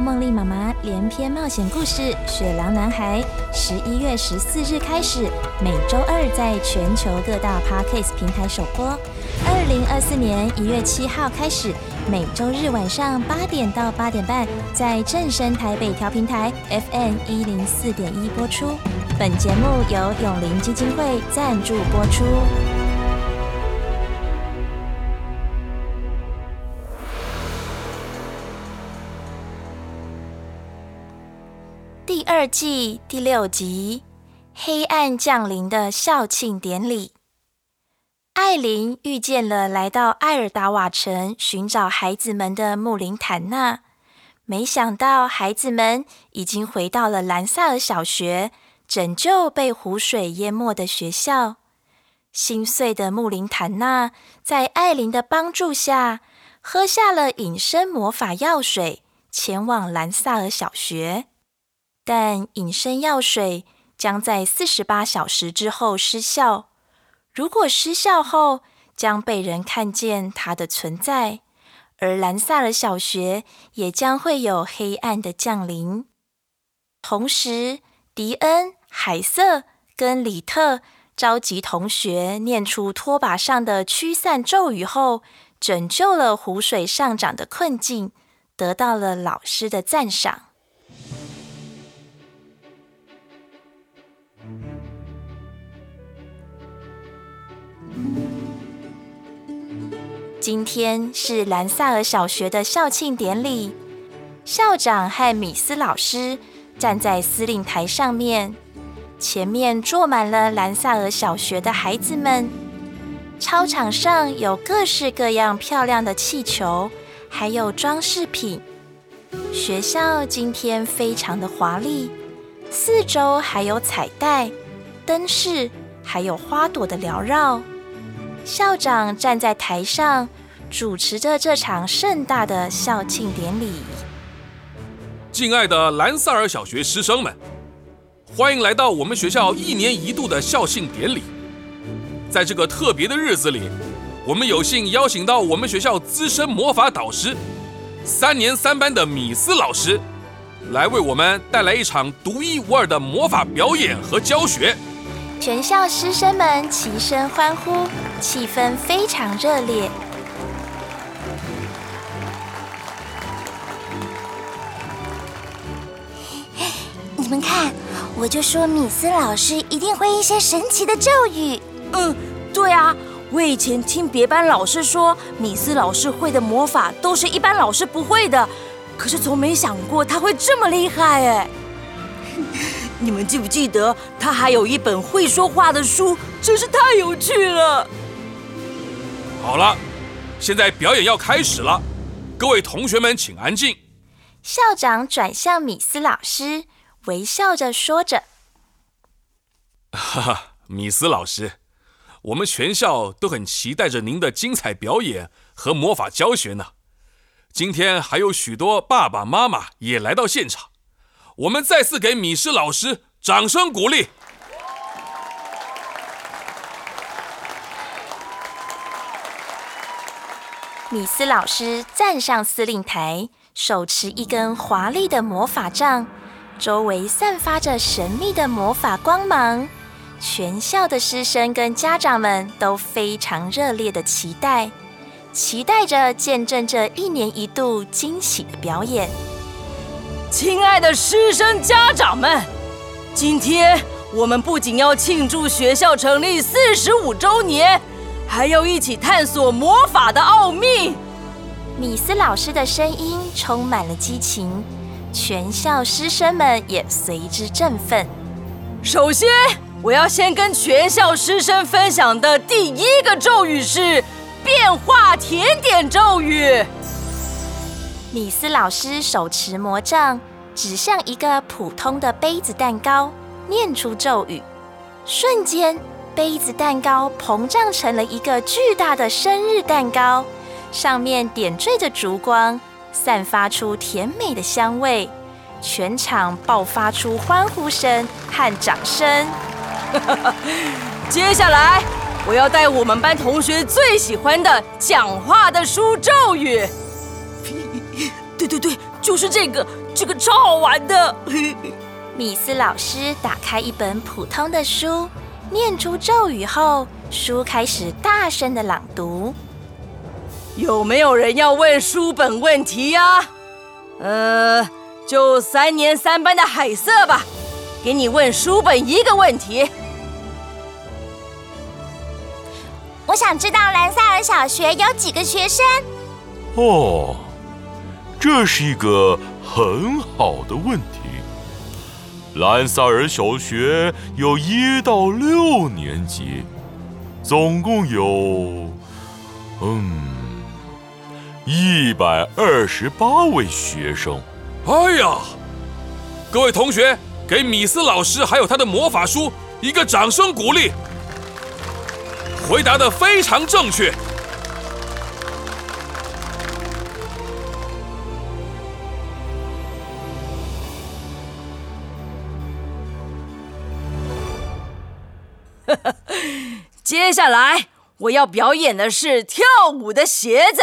《夢莉媽媽連篇冒險故事：雪狼男孩》，十一月十四日開始，每周二在全球各大 Podcast 平台首播。二零二四年一月七號開始，每周日晚上八點到八點半，在正聲台北調頻台 FM 一零四點一播出。本節目由永齡基金會贊助播出。第二季第六集《黑暗降臨的校慶典禮》，艾琳遇見了來到埃爾達瓦城尋找孩子們的穆林坦納，沒想到孩子們已經回到了蘭薩爾小學，拯救被湖水淹沒的學校。心碎的穆林坦納在艾琳的幫助下，喝下了隱身魔法藥水，前往蘭薩爾小學。但隱身藥水將在四十八小時之後失效。如果失效後，將被人看見它的存在，而蘭薩爾小學也將會有黑暗的降臨。同時，迪恩、海瑟跟里特召集同學念出拖把上的驅散咒語後，拯救了湖水上漲的困境，得到了老師的讚賞。今天是蘭薩爾小學的校慶典禮。校長和米斯老師站在司令台上面，前面坐滿了蘭薩爾小學的孩子們。操場上有各式各樣漂亮的氣球，還有裝飾品。學校今天非常的華麗，四周還有彩帶、燈飾，還有花朵的繚繞。校長站在台上，主持着這場盛大的校慶典禮。敬愛的蘭薩爾小學師生們，歡迎來到我們學校一年一度的校慶典禮。在這個特別的日子裡，我們有幸邀請到我們學校資深魔法導師，三年三班的米斯老師，來為我們帶來一場獨一無二的魔法表演和教學。全校師生們齊聲歡呼，氣氛非常熱烈。你們看，我就說米斯老師一定會一些神奇的咒語。嗯，對啊，我以前聽別班老師說米斯老師會的魔法都是一般老師不會的，可是從沒想過他會這麼厲害哎。 你們記不記得，他還有一本會說話的書，真是太有趣了。好了，現在表演要開始了，各位同學們請安靜。校長轉向米斯老師，微笑着說着：“哈哈，米斯老師，我們全校都很期待着您的精彩表演和魔法教學呢。今天還有許多爸爸媽媽也來到現場。”我們再次給米斯老師掌聲鼓勵。米斯老師站上司令台，手持一根華麗的魔法杖，周圍散發着神秘的魔法光芒。全校的師生跟家長們都非常熱烈的期待，期待着見證這一年一度驚喜的表演。親愛的師生家長們，今天我們不僅要慶祝學校成立四十五周年，還要一起探索魔法的奧秘。米斯老師的聲音充滿了激情，全校師生們也隨之振奮。首先，我要先跟全校師生分享的第一個咒語是“變化甜點咒語”。李斯老師手持魔杖，指向一個普通的杯子蛋糕，念出咒語，瞬間杯子蛋糕膨脹成了一個巨大的生日蛋糕，上面點綴着燭光，散發出甜美的香味，全場爆發出歡呼聲和掌聲。 接下來，我要帶我們班同學最喜歡的講話的書咒語。對對對，就是這個，這個超好玩的。嘿嘿米斯老師打開一本普通的書，念出咒語後，書開始大聲的朗讀。有沒有人要問書本問題呀、啊？呃，就三年三班的海瑟吧，給你問書本一個問題。我想知道蘭薩爾小學有幾個學生？哦。這是一個很好的問題。蘭薩爾小學有一到六年級，總共有，嗯，一百二十八位學生。哎呀，各位同學，給米斯老師還有他的魔法書一個掌聲鼓勵。回答的非常正確。接下來我要表演的是跳舞的鞋子，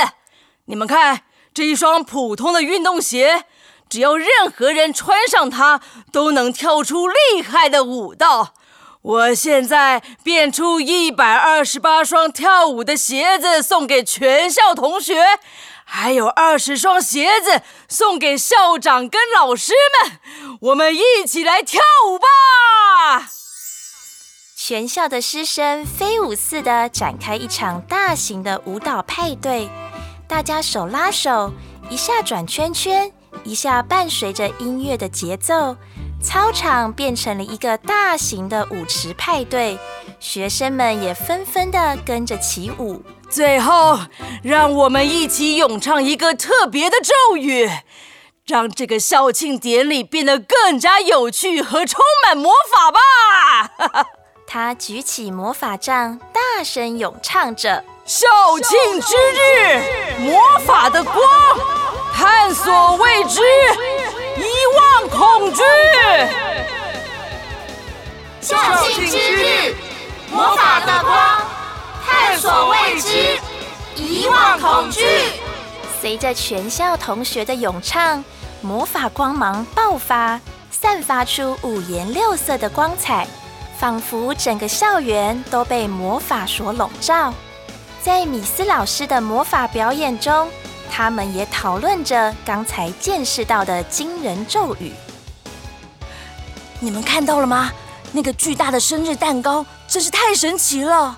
你們看這一雙普通的運動鞋，只要任何人穿上它，都能跳出厲害的舞蹈。我現在變出一百二十八雙跳舞的鞋子送給全校同學，還有二十雙鞋子送給校長跟老師們。我們一起來跳舞吧！全校的師生飛舞似的展開一場大型的舞蹈派對，大家手拉手，一下轉圈圈，一下伴隨着音樂的節奏，操場變成了一個大型的舞池派對。學生們也紛紛的跟着起舞。最後，讓我們一起詠唱一個特別的咒語，讓這個校慶典禮變得更加有趣和充滿魔法吧！他舉起魔法杖，大聲詠唱着：“校慶之日，魔法的光，探索未知，遺忘恐懼。校慶之日，魔法的光，探索未知，遺忘恐懼。”隨著全校同學的詠唱，魔法光芒爆發，散發出五顏六色的光彩。仿佛整個校園都被魔法所籠罩。在米斯老師的魔法表演中，他們也討論着剛才見識到的驚人咒語。你們看到了嗎？那個巨大的生日蛋糕真是太神奇了！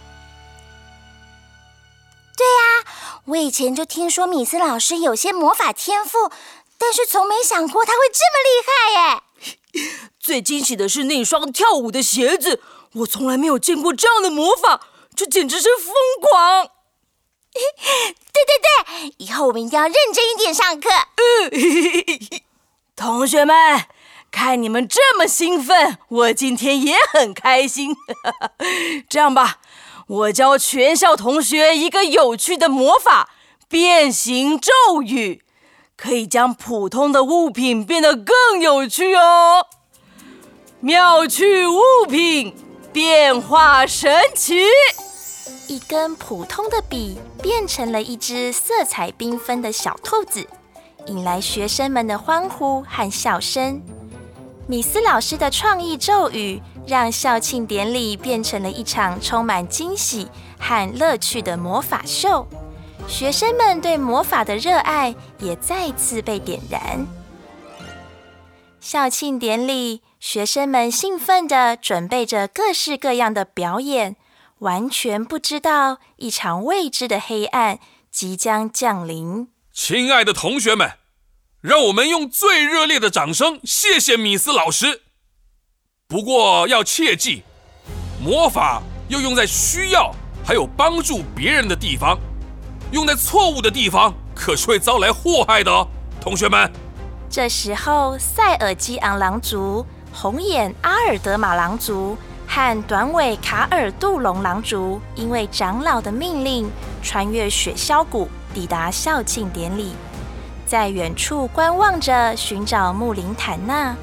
對呀、啊，我以前就聽說米斯老師有些魔法天賦，但是從沒想過他會這麼厲害耶！最驚喜的是那雙跳舞的鞋子，我從來沒有見過這樣的魔法，這簡直是瘋狂！對對對，以後我們一定要認真一點上課。嗯，同學們，看你們這麼興奮，我今天也很開心。 這樣吧，我教全校同學一個有趣的魔法——變形咒語。可以將普通的物品變得更有趣哦！妙趣物品，變化神奇。一根普通的筆變成了一隻色彩繽紛的小兔子，引來學生們的歡呼和笑聲。米斯老師的創意咒語讓校慶典禮變成了一場充滿驚喜和樂趣的魔法秀。學生們對魔法的熱愛也再次被點燃。校慶典禮，學生們興奮地準備着各式各樣的表演，完全不知道一場未知的黑暗即將降臨。親愛的同學們，讓我們用最熱烈的掌聲，謝謝米斯老師。不過要切記，魔法要用在需要還有幫助別人的地方。用在錯誤的地方，可是會遭來禍害的，同學們。這時候，塞爾基昂狼族、紅眼阿爾德馬狼族和短尾卡爾杜隆狼族，因為長老的命令，穿越雪橇谷，抵達校慶典禮，在遠處觀望着尋找穆林坦納。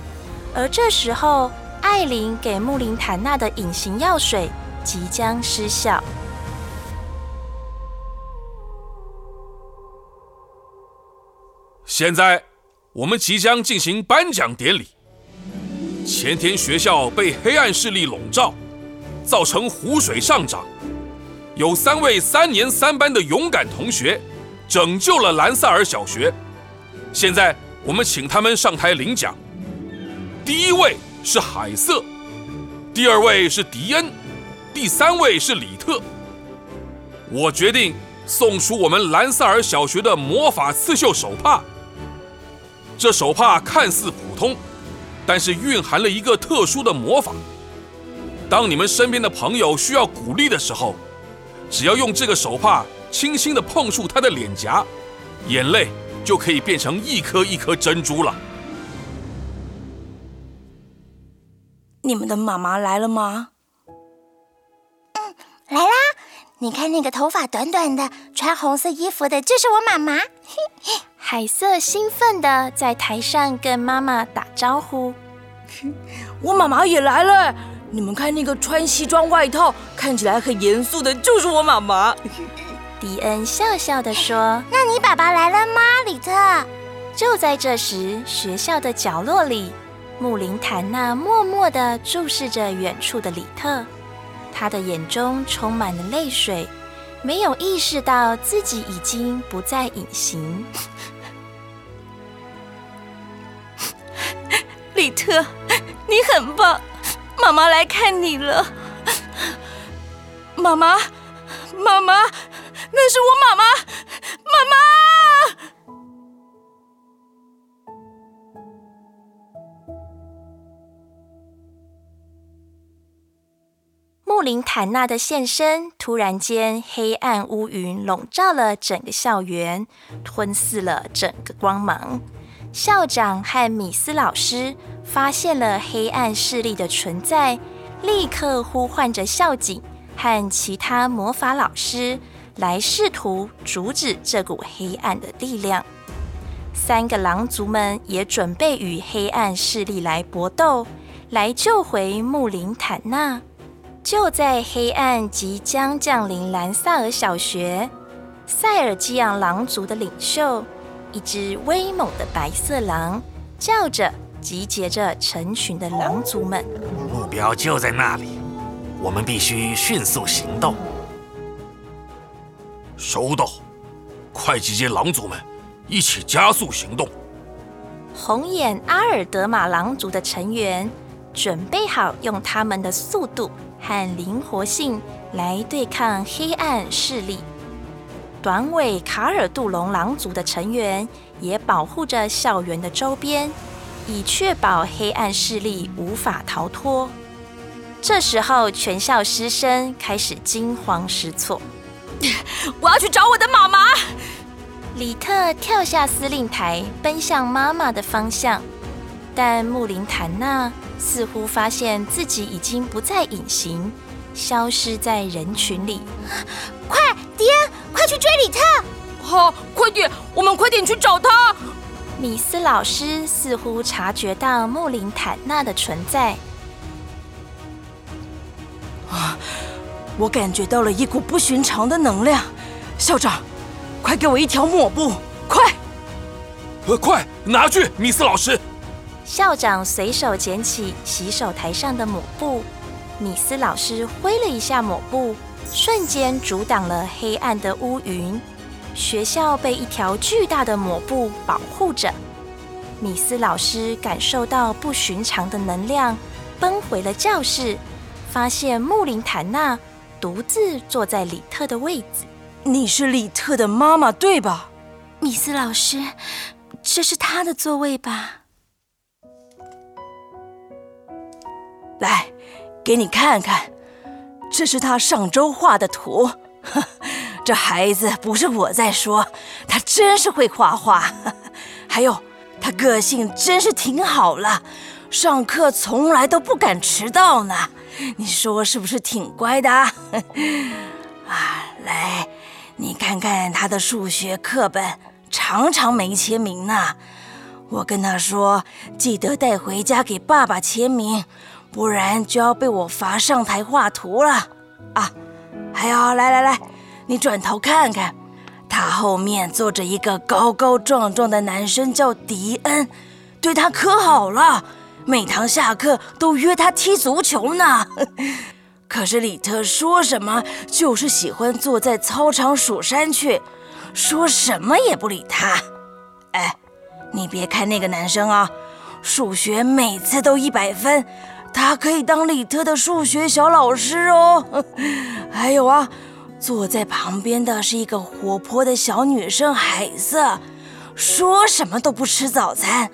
而這時候，艾琳給穆林坦納的隱形藥水即將失效。現在我們即將進行頒獎典禮。前天學校被黑暗勢力籠罩，造成湖水上漲，有三位三年三班的勇敢同學拯救了蘭薩爾小學。現在我們請他們上台領獎。第一位是海瑟，第二位是迪恩，第三位是李特。我決定送出我們蘭薩爾小學的魔法刺繡手帕。這手帕看似普通，但是蘊含了一個特殊的魔法。當你們身邊的朋友需要鼓勵的時候，只要用這個手帕輕輕地碰觸他的臉頰，眼淚就可以變成一顆一顆珍珠了。你們的媽媽來了嗎？嗯，來啦！你看那個頭髮短短的、穿紅色衣服的，就是我媽媽。海瑟興奮地在台上跟媽媽打招呼：“我媽媽也來了，你們看那個穿西裝外套、看起來很嚴肅的，就是我媽媽。”迪恩笑笑地說：“那你爸爸來了嗎，里特？”就在這時，學校的角落裡，穆林坦納默默地注視着遠處的里特，她的眼中充滿了淚水。沒有意識到自己已經不再隱形。李特，你很棒，媽媽來看你了。媽媽，媽媽，那是我媽媽，媽媽。穆林坦納的現身，突然間，黑暗烏雲籠罩了整個校園，吞噬了整個光芒。校長和米斯老師發現了黑暗勢力的存在，立刻呼喚着校警和其他魔法老師來試圖阻止這股黑暗的力量。三個狼族們也準備與黑暗勢力來搏鬥，來救回穆林坦納。就在黑暗即將降臨蘭薩爾小學，塞爾基昂狼族的領袖，一隻威猛的白色狼，叫着集結着成群的狼族們。目標就在那裡，我們必須迅速行動。收到，快集結狼族們，一起加速行動。紅眼阿爾德馬狼族的成員，準備好用他們的速度。和靈活性來對抗黑暗勢力。短尾卡爾杜龍狼族的成員也保護着校園的周邊，以確保黑暗勢力無法逃脫。這時候，全校師生開始驚慌失措。我要去找我的媽媽！李特跳下司令台，奔向媽媽的方向，但穆林坦納。似乎發現自己已經不再隱形，消失在人群裡。快，迪恩，快去追李特！好，快點，我們快點去找他。米斯老師似乎察覺到穆林坦納的存在。啊，我感覺到了一股不尋常的能量。校長，快給我一條抹布！快，呃，快拿去，米斯老師。校長隨手撿起洗手台上的抹布，米斯老師揮了一下抹布，瞬間阻擋了黑暗的烏雲。學校被一條巨大的抹布保護着。米斯老師感受到不尋常的能量，奔回了教室，發現穆林坦納獨自坐在裡特的位置。你是里特的媽媽，對吧？米斯老師，這是他的座位吧？來，給你看看，這是他上周畫的圖呵。這孩子不是我在說，他真是會畫畫。還有，他個性真是挺好了，上課從來都不敢遲到呢。你說是不是挺乖的？呵啊，來，你看看他的數學課本，常常沒簽名呢。我跟他說，記得帶回家給爸爸簽名。不然就要被我罰上台畫圖了啊！還有，來來來，你轉頭看看，他後面坐着一個高高壯壯的男生，叫迪恩，對他可好了，每堂下課都約他踢足球呢。 可是李特說什麼就是喜歡坐在操場數山雀，說什麼也不理他。哎，你別看那個男生啊、哦，數學每次都一百分。他可以當李特的數學小老師哦。還有啊，坐在旁邊的是一個活潑的小女生海瑟，說什麼都不吃早餐，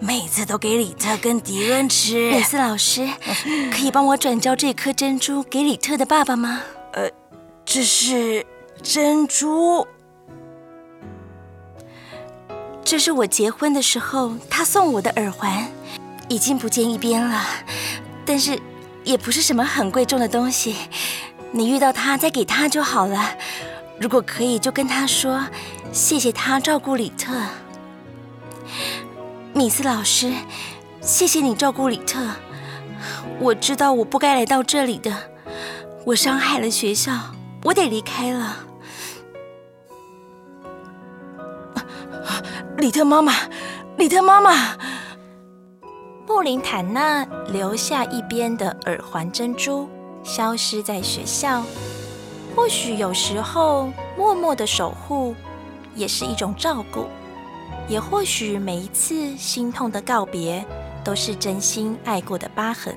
每次都給李特跟迪倫吃。李士老師，可以幫我轉交這顆珍珠給李特的爸爸嗎？呃，這是珍珠，這是我結婚的時候他送我的耳環，已經不見一邊了。但是，也不是什麼很貴重的東西，你遇到他再給他就好了。如果可以，就跟他說，謝謝他照顧李特，米斯老師，謝謝你照顧李特。我知道我不該來到這裡的，我傷害了學校，我得離開了。李特媽媽，李特媽媽。布林坦娜留下一邊的耳環珍珠，消失在學校。或許有時候默默的守護也是一種照顧，也或許每一次心痛的告別都是真心愛過的疤痕。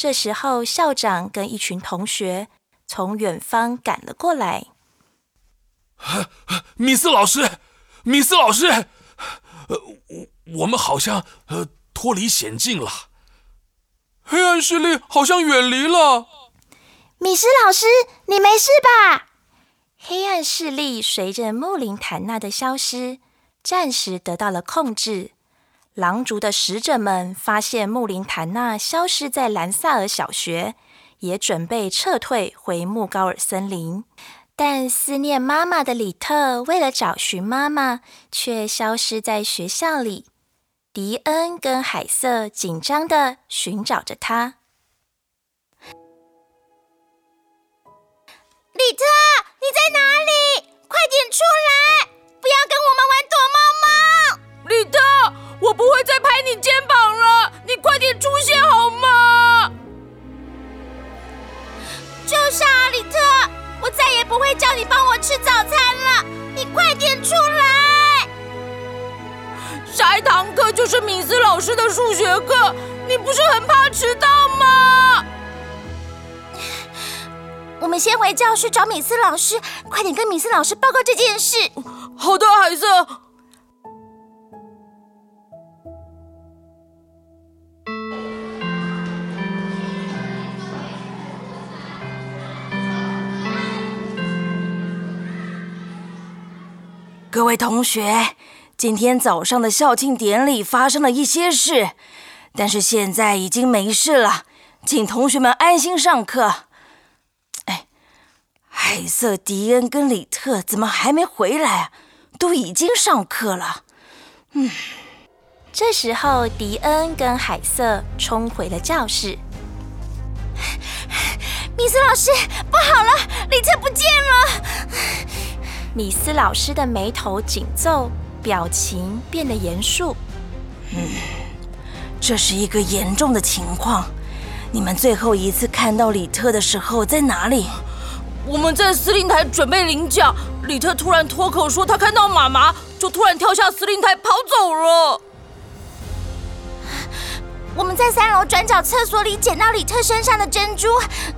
這時候，校長跟一群同學從遠方趕了過來。啊啊、米斯老師，米斯老師，呃、啊，我我們好像呃、啊、脫離險境了，黑暗勢力好像遠離了。米斯老師，你沒事吧？黑暗勢力隨着穆林坦納的消失，暫時得到了控制。狼族的使者們發現穆林坦納消失在蘭薩爾小學，也準備撤退回穆高爾森林。但思念媽媽的里特為了找尋媽媽，卻消失在學校裡。迪恩跟海瑟緊張地尋找着他。教室找米斯老師，快點跟米斯老師報告這件事。好的，孩子。各位同學，今天早上的校慶典禮發生了一些事，但是現在已經沒事了，請同學們安心上課。海瑟、迪恩跟李特怎麼還沒回來啊？都已經上課了。嗯，這時候迪恩跟海瑟衝回了教室。米斯老師，不好了，李特不見了。米斯老師的眉頭緊皺，表情變得嚴肅。嗯，這是一個嚴重的情況。你們最後一次看到李特的時候在哪裡？我們在司令台準備領獎，李特突然脫口說他看到媽媽，就突然跳下司令台跑走了。我們在三樓轉角廁所裡撿到李特身上的珍珠，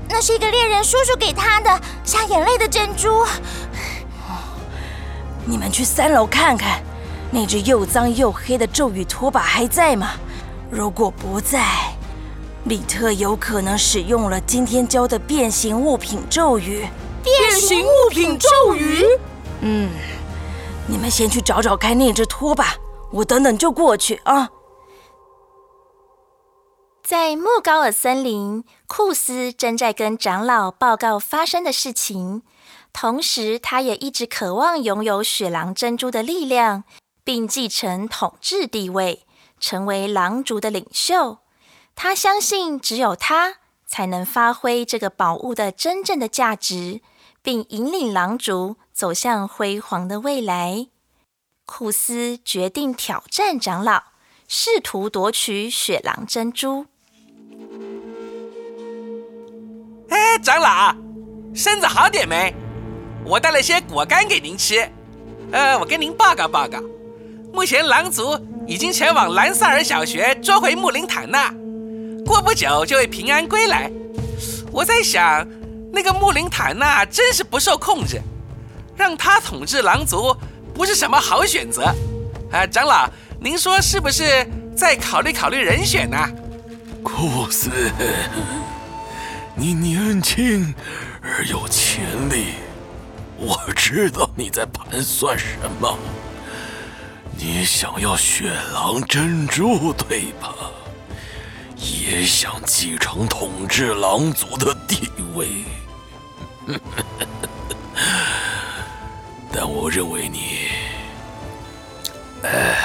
那是一個獵人叔叔給他的，像眼淚的珍珠。你們去三樓看看，那只又髒又黑的咒語拖把還在嗎？如果不在，李特有可能使用了今天教的變形物品咒語。變形物品咒語。嗯，你們先去找找看那只拖把，我等等就過去啊。在莫高爾森林，庫斯正在跟長老報告發生的事情，同時他也一直渴望擁有雪狼珍珠的力量，並繼承統治地位，成為狼族的領袖。他相信只有他才能發揮這個寶物的真正的價值。並引領狼族走向輝煌的未來。庫斯決定挑戰長老，試圖奪取雪狼珍珠。哎，長老，身子好點沒？我帶了些果乾給您吃。呃，我跟您報告報告，目前狼族已經前往蘭薩爾小學捉回穆林坦了，過不久就會平安歸來。我在想。那個穆林坦納真是不受控制，讓他統治狼族不是什麼好選擇。啊，長老，您說是不是？再考慮考慮人選呢？庫斯，你年輕而有潛力，我知道你在盤算什麼。你想要雪狼珍珠對吧？也想繼承統治狼族的地位。 但我認為你，哎，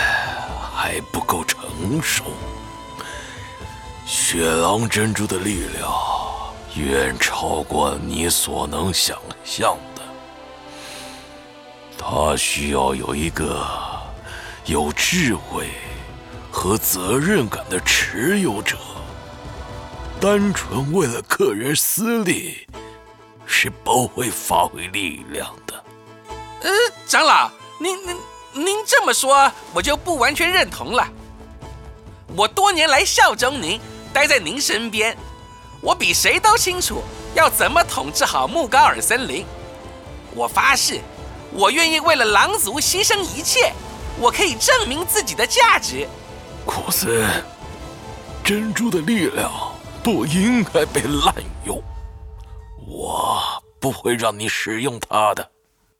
還不夠成熟。雪狼珍珠的力量遠超過你所能想象的。它需要有一個有智慧和責任感的持有者。單純為了個人私利，是不會發揮力量的。呃，長老，您您您這麼說，我就不完全認同了。我多年來效忠您，待在您身邊，我比誰都清楚要怎麼統治好穆高爾森林。我發誓，我願意為了狼族犧牲一切。我可以證明自己的價值。庫森，珍珠的力量不應該被濫用。我不會讓你使用它的。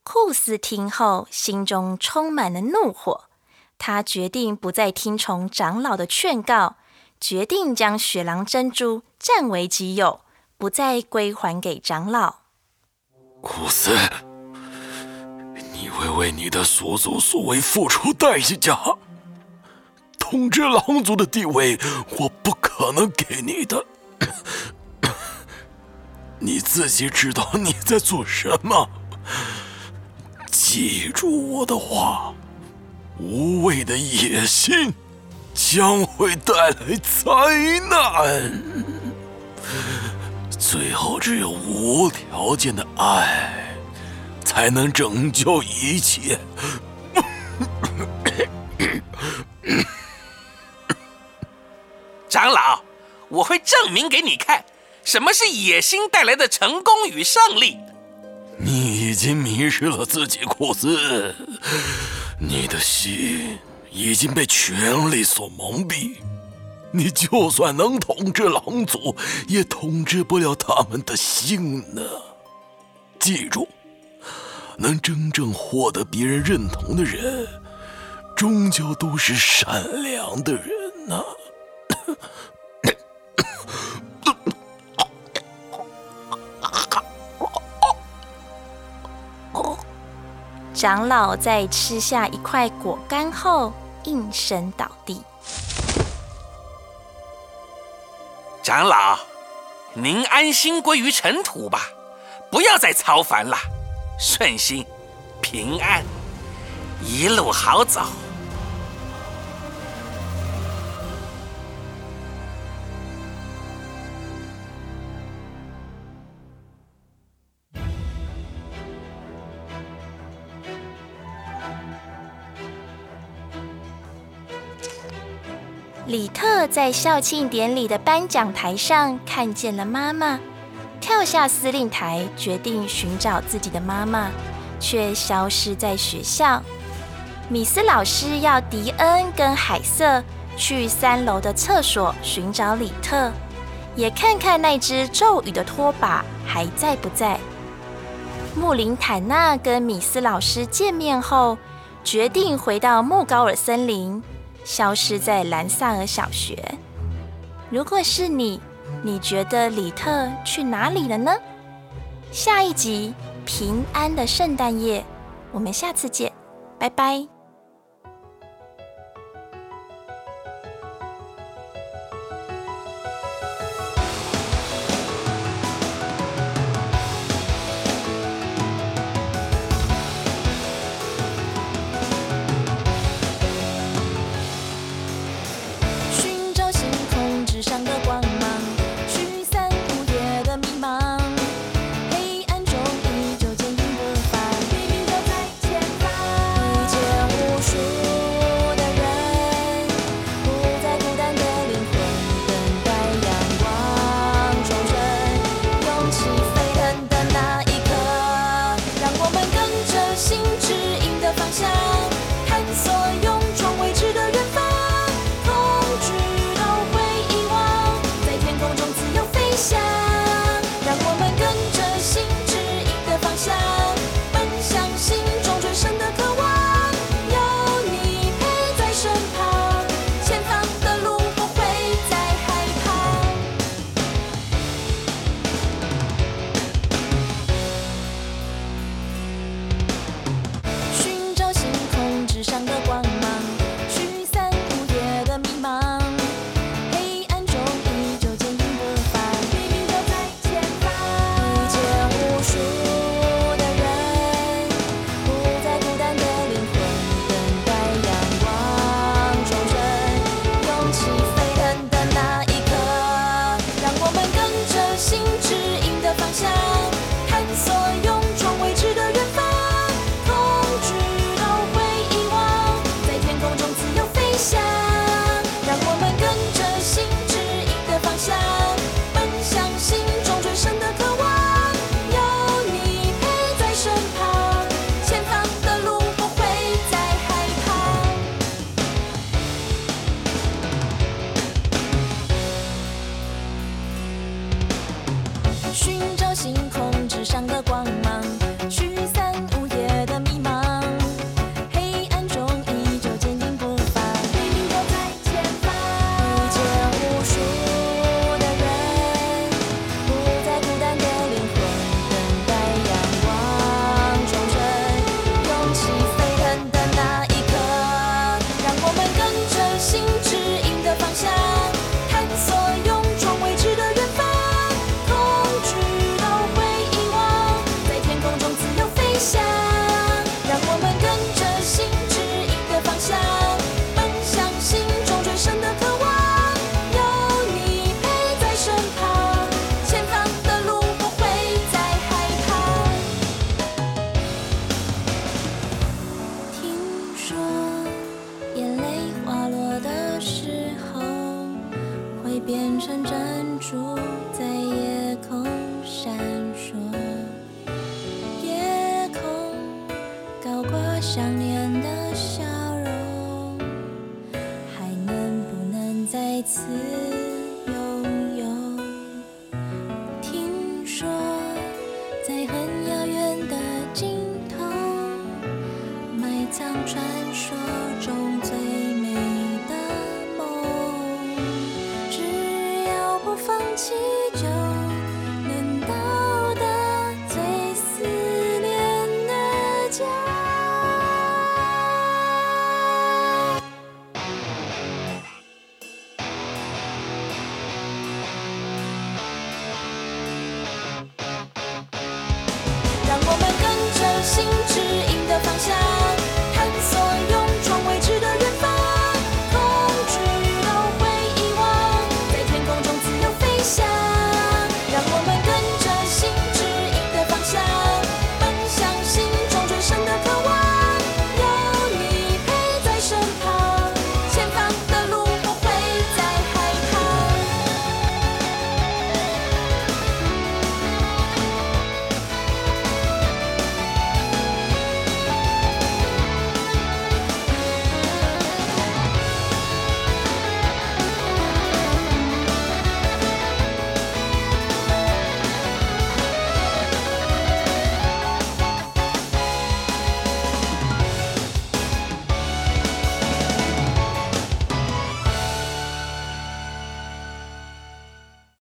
庫斯聽後，心中充滿了怒火。他決定不再聽從長老的勸告，決定將雪狼珍珠佔為己有，不再歸還給長老。庫斯，你會為你的所作所為付出代價。統治狼族的地位，我不可能給你的。你自己知道你在做什麼。記住我的話，無謂的野心將會帶來災難。最後，只有無條件的愛才能拯救一切。長老，我會證明給你看。什麼是野心帶來的成功與勝利？你已經迷失了自己，庫斯，你的心已經被權力所蒙蔽。你就算能統治狼族，也統治不了他們的心呢。記住，能真正獲得別人認同的人，終究都是善良的人吶、啊。 長老在吃下一塊果乾後，應聲倒地。長老，您安心歸於塵土吧，不要再操煩了，順心平安，一路好走。李特在校慶典禮的頒獎台上看見了媽媽，跳下司令台，決定尋找自己的媽媽，卻消失在學校。米斯老師要迪恩跟海瑟去三樓的廁所尋找李特，也看看那隻咒語的拖把還在不在。穆林坦納跟米斯老師見面後，決定回到穆高爾森林。消失在蘭薩爾小學。如果是你，你覺得里特去哪裡了呢？下一集《平安的聖誕夜》，我們下次見，拜拜。